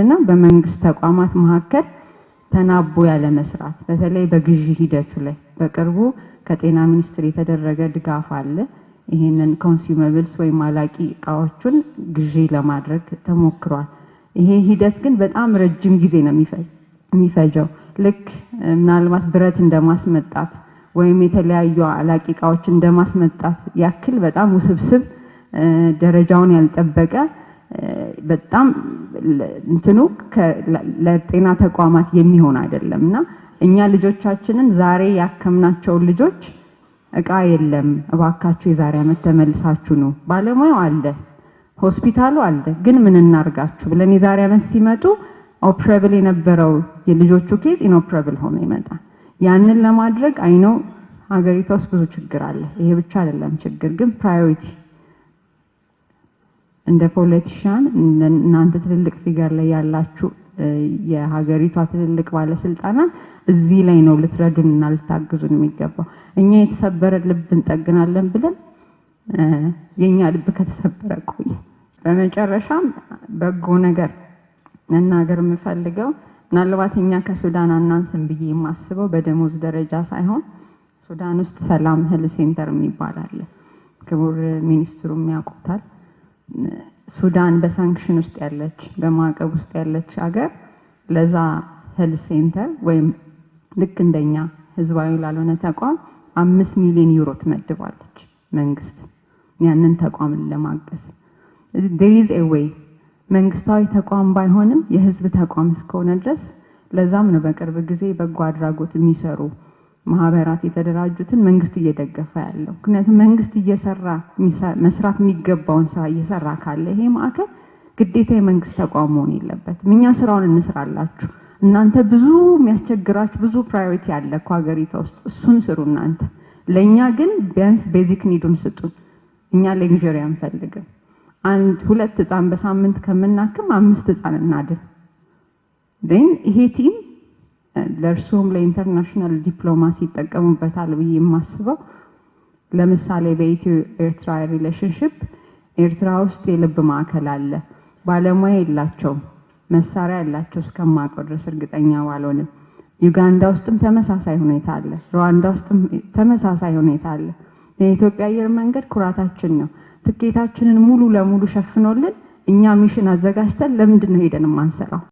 እና በመንግስት ተቋማት መካከል ተናቦ ያለ መስራት በተለይ በግዢ ሂደቱ ላይ በቅርቡ ከጤና ሚኒስቴር የተደረገ ድጋፍ አለ። ይሄንን ኮንሱመብልስ ወይም አላቂ እቃዎቹን ግዢ ለማድረግ ተሞክሯል። ይሄ ሂደት ግን በጣም ረጅም ጊዜ ነው የሚፈጀው። ልክ ምናልባት ብረት እንደማስመጣት ወይም የተለያዩ አላቂ እቃዎች እንደማስመጣት ያክል በጣም ውስብስብ ደረጃውን ያልጠበቀ በጣም እንትኑ ለጤና ተቋማት የሚሆን አይደለም እና እኛ ልጆቻችንን ዛሬ ያከምናቸውን ልጆች እቃ የለም እባካችሁ የዛሬ ዓመት ተመልሳችሁ ነው ባለሙያው አለ ሆስፒታሉ አለ ግን ምን እናርጋችሁ ብለን የዛሬ ዓመት ሲመጡ ኦፕረብል የነበረው የልጆቹ ኬዝ ኢንኦፕረብል ሆኖ ይመጣል። ያንን ለማድረግ አይነው ሀገሪቷ ውስጥ ብዙ ችግር አለ። ይሄ ብቻ አይደለም ችግር ግን ፕራዮሪቲ እንደ ፖለቲሽያን እናንተ ትልልቅ ፊገር ላይ ያላችሁ የሀገሪቷ ትልልቅ ባለስልጣናት እዚህ ላይ ነው ልትረዱንና ልታግዙን የሚገባው። እኛ የተሰበረ ልብ እንጠግናለን ብለን የእኛ ልብ ከተሰበረ ቆይ። በመጨረሻም በጎ ነገር መናገር የምፈልገው ምናልባት እኛ ከሱዳን አናንስም ብዬ የማስበው በደሞዝ ደረጃ ሳይሆን ሱዳን ውስጥ ሰላም ህል ሴንተር የሚባል አለ። ክቡር ሚኒስትሩም ያውቁታል። ሱዳን በሳንክሽን ውስጥ ያለች በማዕቀብ ውስጥ ያለች ሀገር ለዛ ህል ሴንተር ወይም ልክ እንደኛ ህዝባዊ ላልሆነ ተቋም አምስት ሚሊዮን ዩሮ ትመድባለች መንግስት ያንን ተቋምን ለማገዝ ዴሪዝ ኤዌይ መንግስታዊ ተቋም ባይሆንም የህዝብ ተቋም እስከሆነ ድረስ ለዛም ነው በቅርብ ጊዜ በጎ አድራጎት የሚሰሩ ማህበራት የተደራጁትን መንግስት እየደገፈ ያለው ምክንያቱም መንግስት እየሰራ መስራት የሚገባውን ስራ እየሰራ ካለ ይሄ ማዕከል ግዴታ የመንግስት ተቋም መሆን የለበትም። እኛ ስራውን እንስራላችሁ፣ እናንተ ብዙ የሚያስቸግራችሁ ብዙ ፕራዮሪቲ አለ እኮ ሀገሪቷ ውስጥ፣ እሱን ስሩ እናንተ። ለእኛ ግን ቢያንስ ቤዚክ ኒዱን ስጡን። እኛ ሌግዥሪ አንፈልግም። አንድ ሁለት ህፃን በሳምንት ከምናክም አምስት ህፃን እናድን። ይሄ ቲም ለእርስም ለኢንተርናሽናል ዲፕሎማሲ ይጠቀሙበታል ብዬ የማስበው ለምሳሌ በኢትዮ ኤርትራ ሪሌሽንሽፕ ኤርትራ ውስጥ የልብ ማዕከል አለ። ባለሙያ የላቸውም፣ መሳሪያ ያላቸው እስከማውቀው ድረስ እርግጠኛ ባልሆንም፣ ዩጋንዳ ውስጥም ተመሳሳይ ሁኔታ አለ። ሩዋንዳ ውስጥም ተመሳሳይ ሁኔታ አለ። የኢትዮጵያ አየር መንገድ ኩራታችን ነው። ትኬታችንን ሙሉ ለሙሉ ሸፍኖልን እኛ ሚሽን አዘጋጅተን ለምንድን ነው ሄደን የማንሰራው?